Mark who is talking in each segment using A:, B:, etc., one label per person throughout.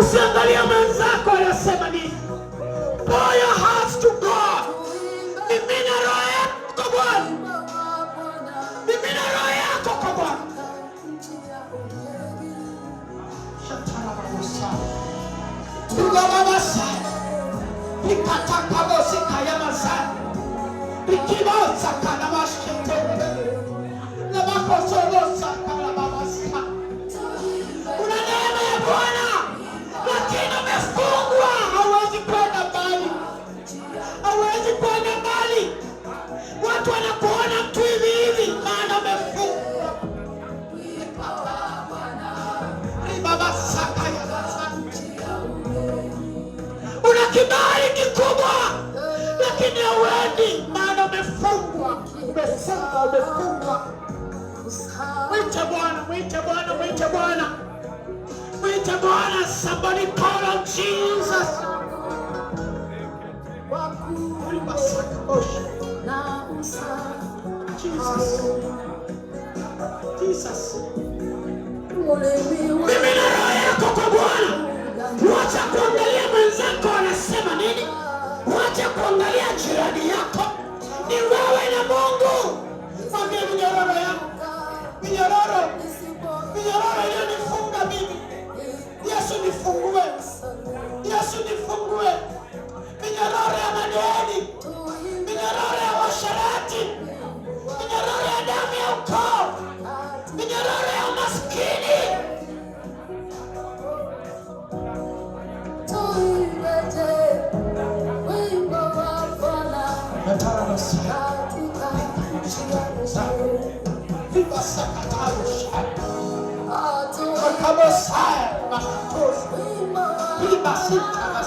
A: Usiangalie mwenzako anasema nini. Your heart to God. Mimina roho yako kwa Bwana. Mimina roho yako kwa Bwana. Tugamabasa. Ikatakabosi kayamasa. Ikibasa kanamashkete. Namakosolosa. kibali kikubwa, lakini hauendi, maana umefungwa, umefungwa, umefungwa. Mwite Bwana, mwite Bwana, mwite Bwana, mwite Bwana. Somebody call on Jesus. Jesus. Jesus. Mimi na roho yako kwa Bwana, wacha kuangalia mwenzako anasema nini? Wacha kuangalia jirani yako, ni wewe na Mungu. Mwambie minyororo yangu, minyororo, minyororo iliyonifunga mimi, Yesu nifungue, Yesu nifungue, minyororo ya madeni, minyororo ya washarati, minyororo ya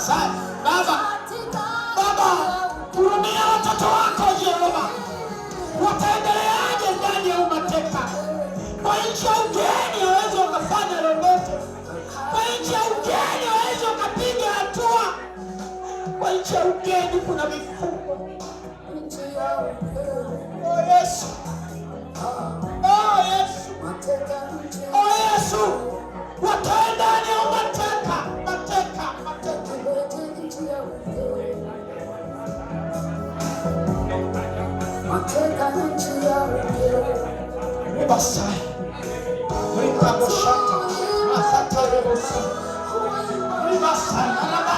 A: Baba, Baba, hurumia watoto wako Jehova, wataendeleaje ndani ya umateka? Kwa nchi ya ugeni hawezi wakafanya lolote, kwa nchi ya ugeni hawezi wakapiga hatua, kwa nchi ya ugeni kuna mifugo. Oh Yesu, oh Yesu, oh Yesu, wata We Rita Boshata. Masata Rebosa. Ribasai. Alaba.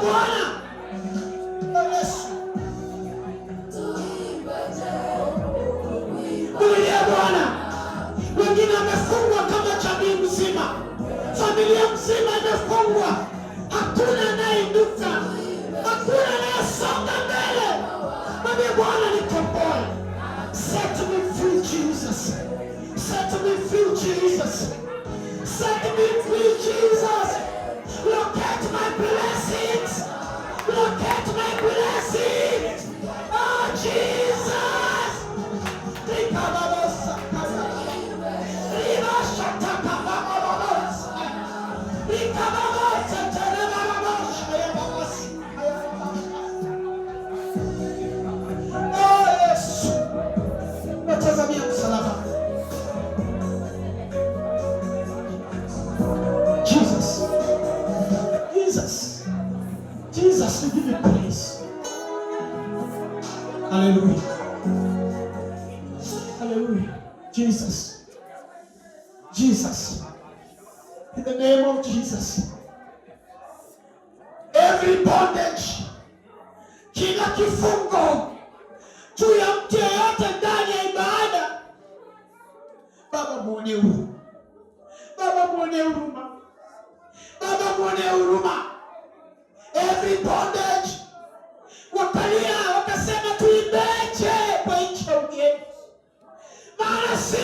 A: Bwana! familia mzima imefungwa, hakuna anayeinuka, hakuna anayesonga mbele. Mwambie Bwana, nikomboe. Set me free Jesus, set me free Jesus, set me free Jesus. Jesus. Jesus. In the name of Jesus. Every bondage, kila kifungo juu ya mtu yeyote ndani ya ibada, Baba mwone huruma, Baba mwone huruma, Baba mwone huruma, every bondage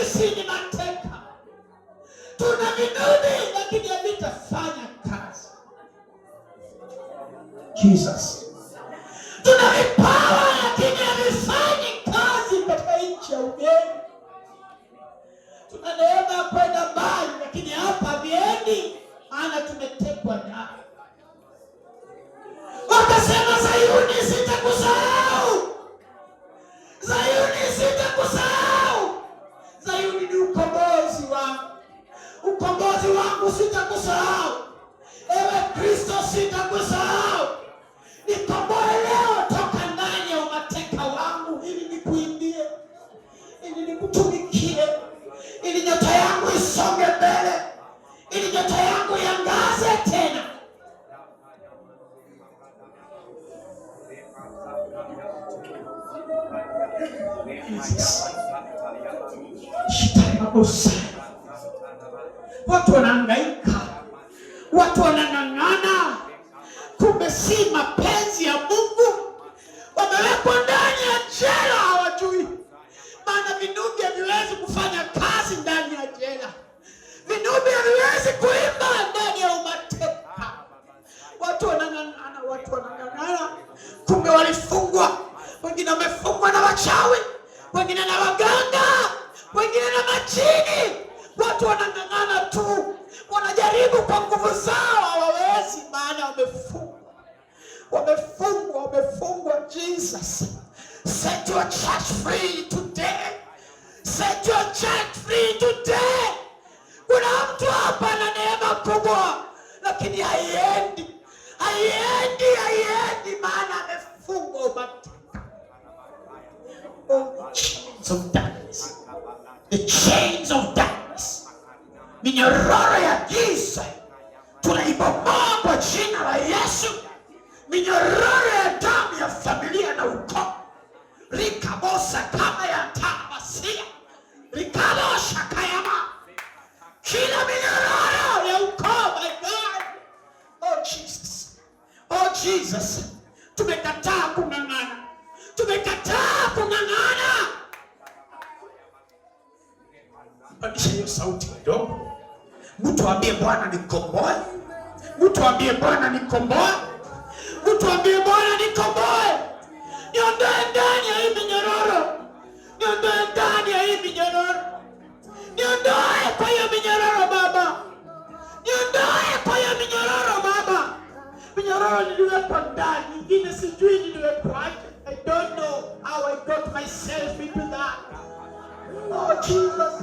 A: ofisini mateka, tuna vidudi, lakini havitafanya kazi. Jesus, tuna vipawa lakini havifanyi kazi katika nchi ya ugeni. Tuna neema kwenda mbali, lakini hapa viendi, maana tumetekwa nayo open up. chains of darkness, minyororo ya giza tunaibomoa kwa jina la Yesu. Minyororo ya damu ya familia na ukoo rikabosa ambie Bwana nikomboe, mtu ambie Bwana nikomboe, mtu ambie Bwana nikomboe, niondoe ndani ya hii minyororo, niondoe ndani ya hii minyororo, niondoe kwa hiyo minyororo Baba, niondoe kwa hiyo minyororo Baba, minyororo niliwekwa ndani, ingine sijui niliwekwaje. I don't know how I got myself into that. Oh Jesus.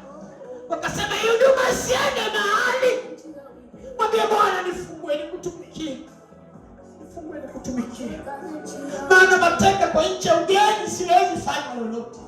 A: wakasema hii huduma siende mahali. Mwambie Bwana, nifungue nikutumikie, nifungue nikutumikie, maana mateka kwa nchi ya ugeni siwezi fanya lolote.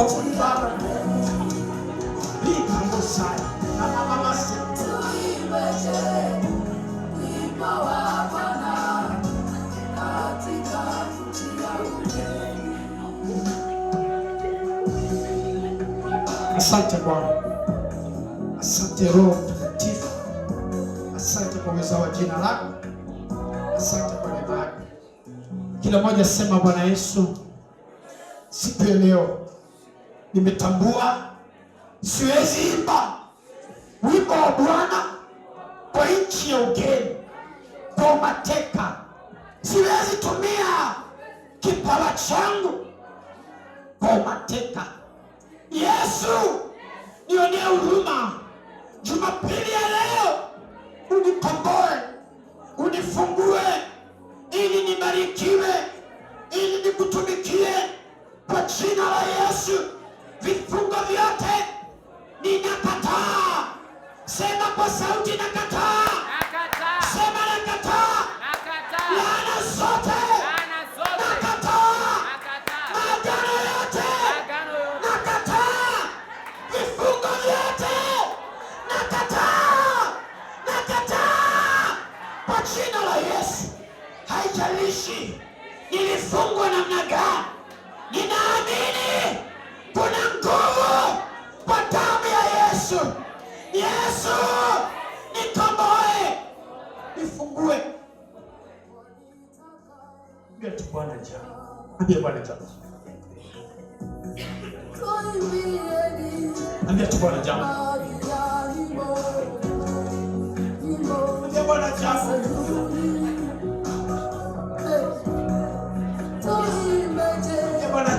A: Okulibara likangosai namamamase Asante Bwana, asante Roho Mtakatifu, asante kwa uweza wa jina lako, asante kwa neema yako. Kila mmoja sema Bwana Yesu, siku ya leo nimetambua siwezi imba wimbo wa Bwana kwa nchi ya ugeni, kwa mateka. Siwezi tumia kipawa changu kwa mateka. Yesu nionee huruma Jumapili Wewe mbia tu Bwana jana, ambia Bwana jana, ambia tu Bwana jana, ambia Bwana jana.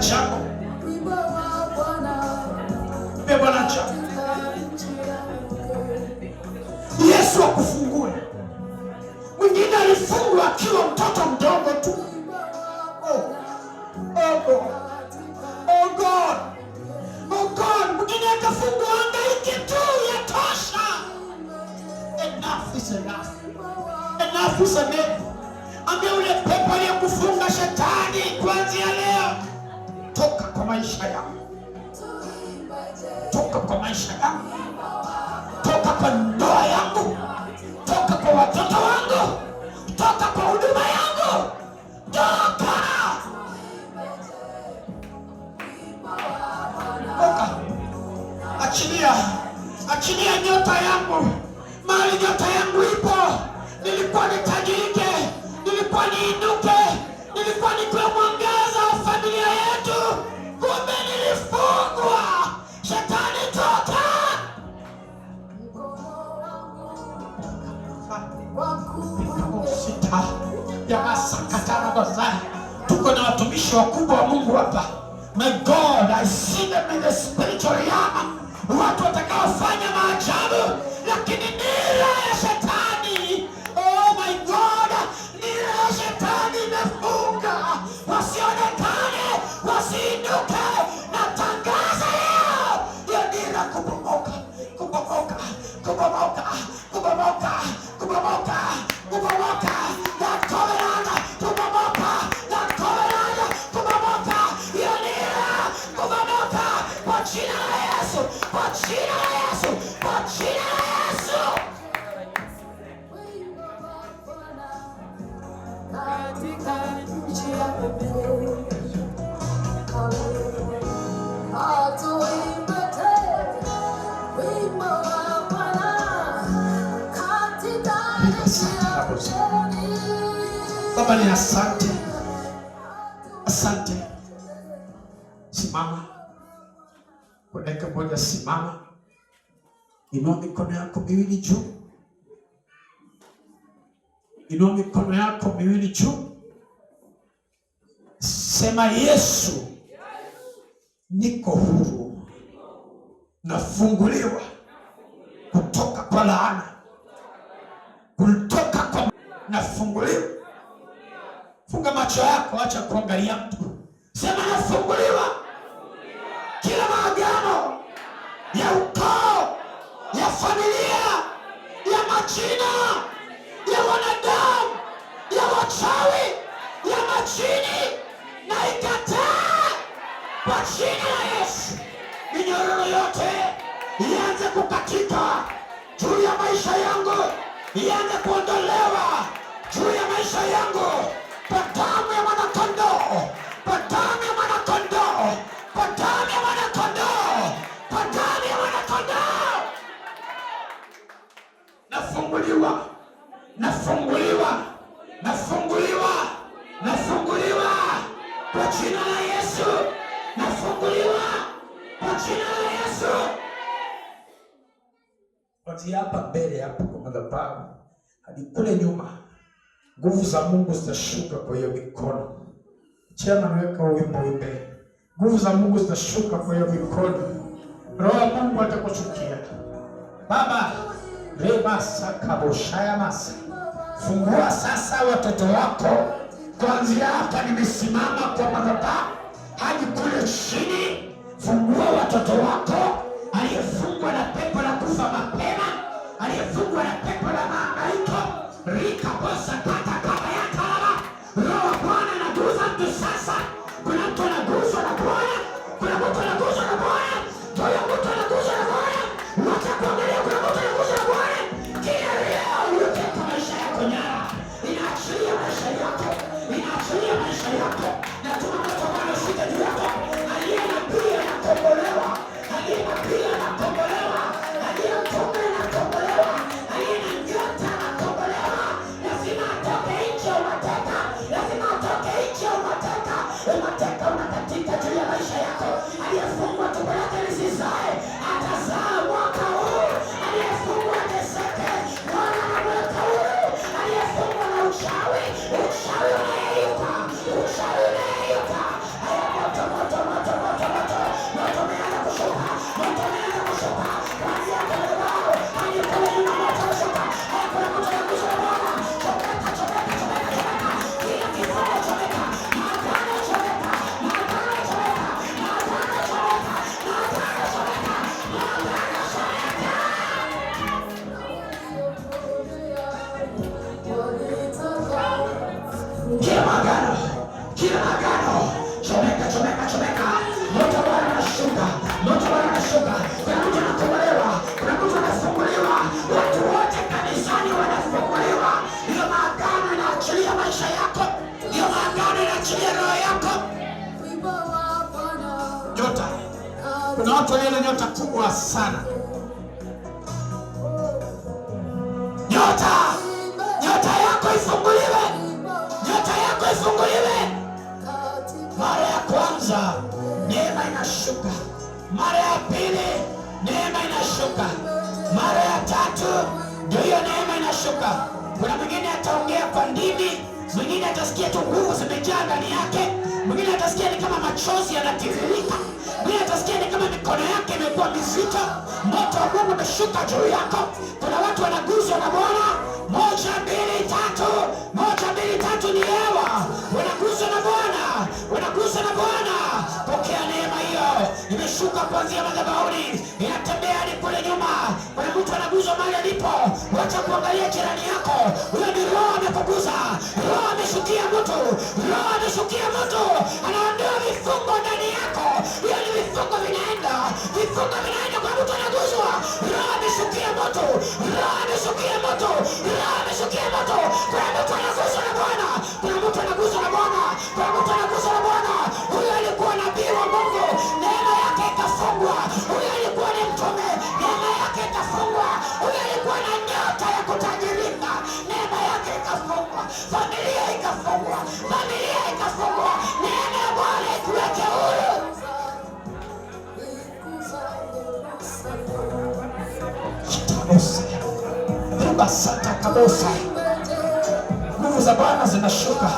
A: Chako. Bwana chako. kusamehe. ambe ule pepo kufunga shetani, kuanzia leo toka kwa maisha yangu, toka kwa maisha yangu, toka kwa ndoa yangu, toka kwa watoto wangu, toka kwa huduma yangu, toka Achilia, achilia nyota yangu, mali nyota yangu ipo nilikuwa nitajirike, nilikuwa niinuke, nilikuwa nitiwe mwangaza wa familia yetu, kumbe nilifungwa. Shetani toka! tuko na watumishi wakubwa wa Mungu hapa. My God, I see them in the spiritual realm, watu watakao Baba ni asante, asante. Simama kwa dakika moja, simama, inua mikono yako miwili juu, inua mikono yako miwili juu, sema Yesu, niko huru, nafunguliwa kutoka kwa laana, kutoka kwa, nafunguliwa Funga macho yako, acha kuangalia mtu, sema nafunguliwa. Kila maagano ya ukoo, ya familia, ya majina, ya wanadamu, ya wachawi, ya majini, na ikataa kwa jina la Yesu. Minyororo yote ianze kukatika juu ya maisha yangu, ianze kuondolewa juu ya maisha yangu. jina la Yesu nafunguliwa kwa jina la Yesu. Kuanzia hapa mbele hapa kwa madhabahu hadi kule nyuma, nguvu za Mungu zitashuka kwa hiyo mikono. Chema, naweka wimbo wimbe, nguvu za Mungu zitashuka kwa hiyo mikono. Roho ya Mungu atakuchukia baba rebasa kaboshaya masa. Fungua sasa watoto wako Kuanzia hapa nimesimama kwa madhabahu hadi kule chini. Fungua watoto wako, aliyefungwa na pepo la kufa mapema, aliyefungwa na pepo la maangaiko rika kosa kata kata ya kalaba. Roho wa Bwana anaguza mtu sasa. Kuna mtu anaguzwa na Bwana, kuna mtu anaguzwa na Bwana katika juu ya maisha yako. inatua sana. Nyota, nyota yako ifunguliwe, nyota yako ifunguliwe. Mara ya kwanza neema inashuka, mara ya pili neema inashuka, mara ya tatu ndio hiyo neema inashuka. Kuna mwingine ataongea kwa ndimi, mwingine atasikia tu nguvu zimejaa ndani yake mwingine atasikia ni kama machozi yanatiririka, mwingine atasikia ni kama mikono yake imekuwa mizito, moto wa Mungu umeshuka juu yako. Kuna watu wanaguzwa na Bwana. Moja mbili tatu, moja mbili tatu, ni yeye. imeshuka kuanzia madhabahuni, inatembea hadi kule nyuma. Kuna mtu anaguzwa mahali alipo, wacha kuangalia jirani yako. Huyo ni roho amekuguza, roho ameshukia mtu, roho ameshukia mtu, anaondoa vifungo ndani yako. Hiyo ni vifungo vinaenda, vifungo vinaenda kwa mtu anaguzwa, roho ameshukia mtu, roho ameshukia mtu, roho ameshukia mtu. Kuna mtu anaguzwa na Bwana, kuna mtu anaguzwa na Bwana, kuna mtu anaguzwa na Bwana. huyo alikuwa na nyota ya kutajirika, neema yake ikafungwa, familia ikafungwa, familia ikafungwa. Neema ya Bwana ikuweke huru. Ribasata kabosa, nguvu za Bwana zinashuka,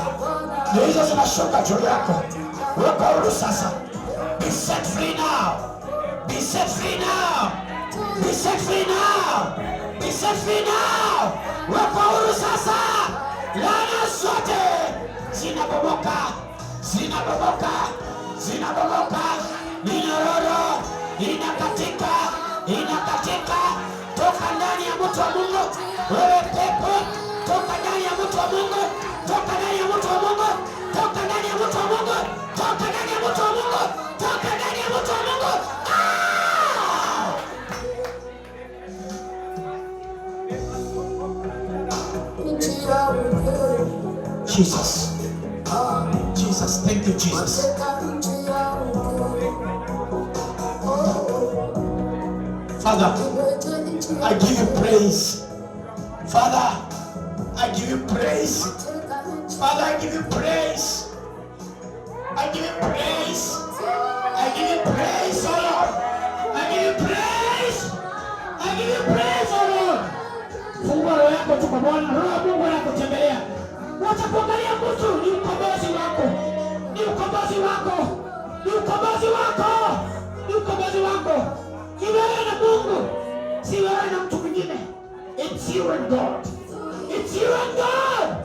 A: hizo zinashuka juu yako. Weka huru sasa, be set free now, be set free now, be set free now umeshinda. Wafaulu sasa, laana zote zinabomoka, zinabomoka, zinabomoka, minyororo inakatika, inakatika toka ndani ya mtu wa Mungu. Wewe pepo, toka ndani ya mtu wa Mungu, toka ndani ya mtu wa Mungu, toka ndani ya mtu wa Mungu, toka ndani ya mtu wa Mungu. Jesus. Jesus. Thank you, Jesus. Father, I give you praise. Father, I give you praise. Father, I give you praise. wewe na mtu mwingine. It's you and God. It's you and God.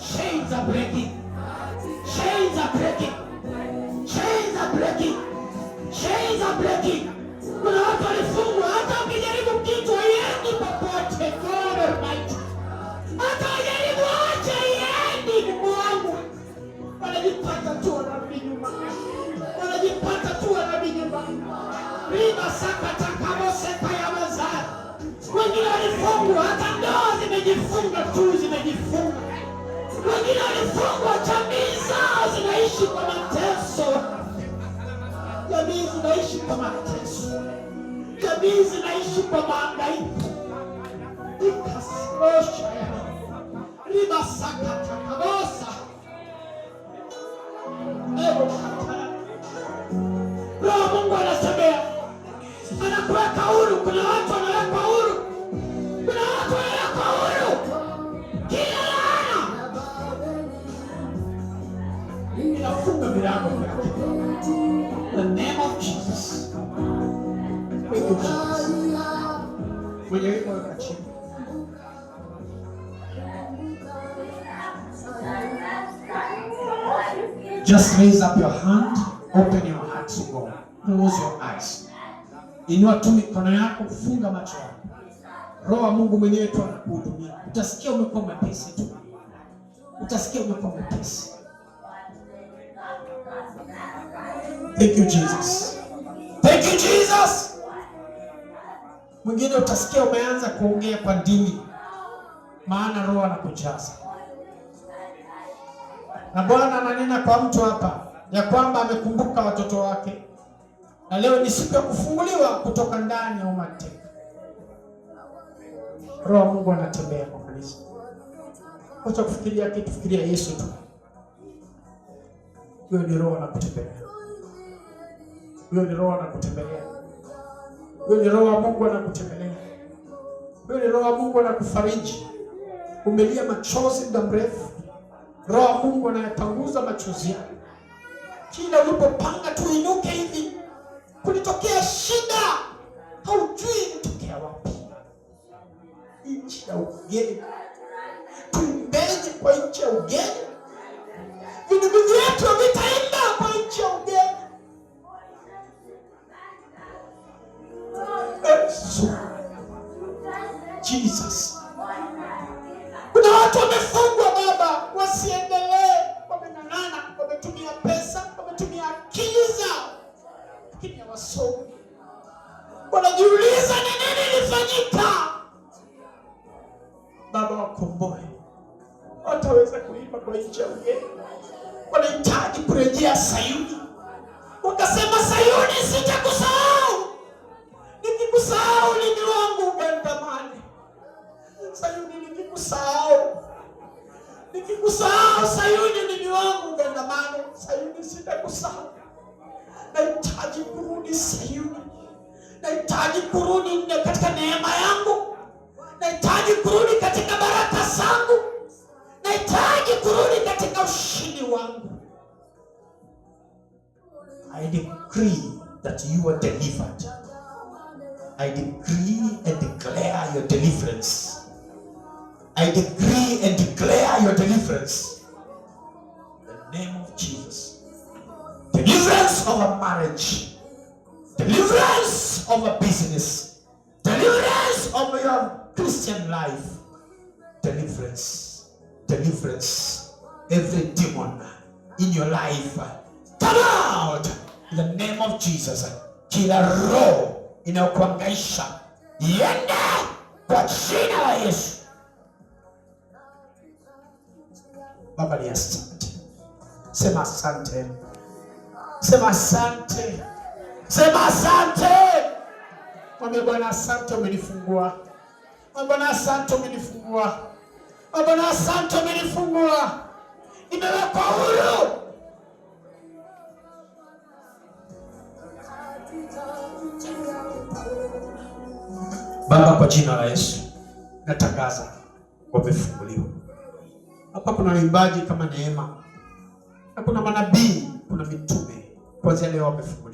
A: Chains are breaking. Chains are breaking. Chains are breaking. Chains are breaking. Kuna watu walifungwa hata ukijaribu kitu haiendi popote. God Almighty. Hata wajaribu acha iendi Mungu. Wanajipata tu wanarudi nyuma riba ya mazara. wengine walifungwa, hata ndoa zimejifunga tu, zimejifunga. Wengine walifungwa, jamii zao zinaishi kwa mateso, jamii zinaishi kwa mateso, jamii zinaishi kwa maangaiko ikasosha limasakata Just raise up your hand, open your heart to God. Close your eyes. Inua tu mikono yako, funga macho yako. Roho wa Mungu mwenyewe tu anakuhudumia. Utasikia umekuwa mwepesi tu. Utasikia umekuwa mwepesi. Thank you Jesus. Thank you Jesus. Mwingine utasikia umeanza kuongea kwa dini. Maana Roho anakujaza. Na Bwana ananena kwa mtu hapa ya kwamba amekumbuka watoto wake, na leo ni siku ya kufunguliwa kutoka ndani ya umateka. Roho Mungu anatembea kwa kanisa. Acha kufikiria kitu, fikiria Yesu tu. Huyo ni roho anakutembelea, huyo ni roho anakutembelea, huyo ni roho wa Mungu anakutembelea, huyo ni roho wa Mungu anakufariji. Umelia machozi muda mrefu Roho ya Mungu anayapanguza machozi yako. Kila ulipopanga tuinuke hivi, kulitokea shida, haujui ilitokea wapi. Nchi ya ugeni, tumbeze kwa nchi ya ugeni, vidugu vyetu vitaenda kwa nchi ya ugeni. Yesu, Jesus, kuna watu wamefu Nita Baba wakomboe, wataweza kuimba kwa nchi ya ugeni, wanahitaji kurejea Sayuni. Wakasema Sayuni, sitakusahau, nikikusahau lini wangu ukantamani. Sayuni, nikikusahau, nikikusahau Sayuni lini wangu ukantamani. Sayuni, sitakusahau, nahitaji kurudi Sayuni nahitaji kurudi katika neema yangu, nahitaji kurudi katika baraka zangu, nahitaji kurudi katika ushindi wangu. I decree that you are delivered. I decree and declare your deliverance. I decree and declare your deliverance. In the name of Jesus. Deliverance of a marriage. deliverance of a business, deliverance of your Christian life, deliverance, deliverance. Every demon in your life, come out in the name of Jesus. Kill a inayokuangaisha in kwa jina la Yesu. Baba ni asante, sema asante, sema asante. Sema asante. Mwambie Bwana asante, umenifungua. Mwambie Bwana asante, umenifungua. Mwambie Bwana asante, umenifungua. Nimewekwa huru. Baba, kwa jina la Yesu natangaza wamefunguliwa. Hapa kuna waimbaji kama Neema na kuna manabii, kuna mitume, kuanzia leo wamefunguliwa.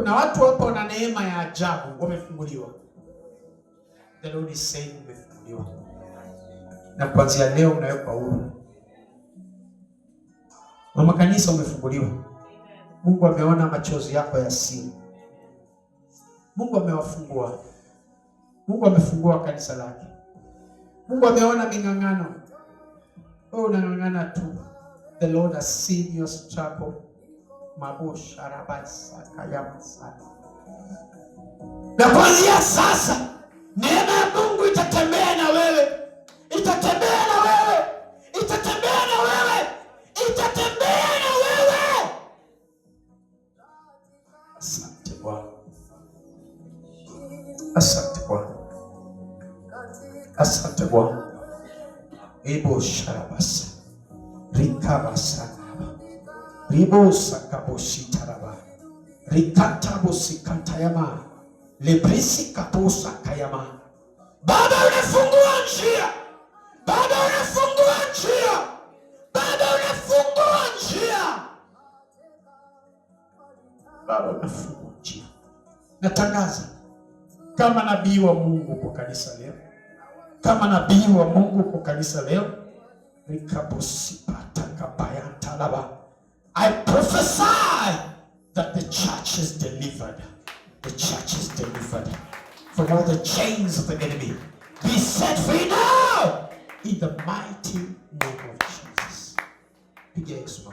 A: Kuna watu hapa wana neema ya ajabu, wamefunguliwa. The Lord is saying umefunguliwa, na kuanzia leo unawekwa huru. Mama kanisa, umefunguliwa. Mungu ameona machozi yako ya siri. Mungu amewafungua. Mungu amefungua kanisa lake. Mungu ameona ming'ang'ano. Wewe unang'ang'ana tu. The Lord has seen your struggle. Na kuanzia sasa neema ya Mungu itatembea na wewe, itatembea na wewe, itatembea na wewe, itatembea na wewe. Asante Bwana, asante Bwana, asante Bwana, ibo sharabasa rikabasa ribosakaboshitaraba rikatabosikantayama lebrisikatosakayama. Baba unafungua njia, Baba unafungua njia, Baba unafungua njia, Baba unafungua njia. Natangaza kama nabii wa Mungu kwa kanisa leo, kama nabii wa Mungu kwa kanisa leo, rikabosipatakapayanta laba I prophesy that the church is delivered. The church is delivered from all the chains of the enemy. Be set free now in the mighty name of Jesus.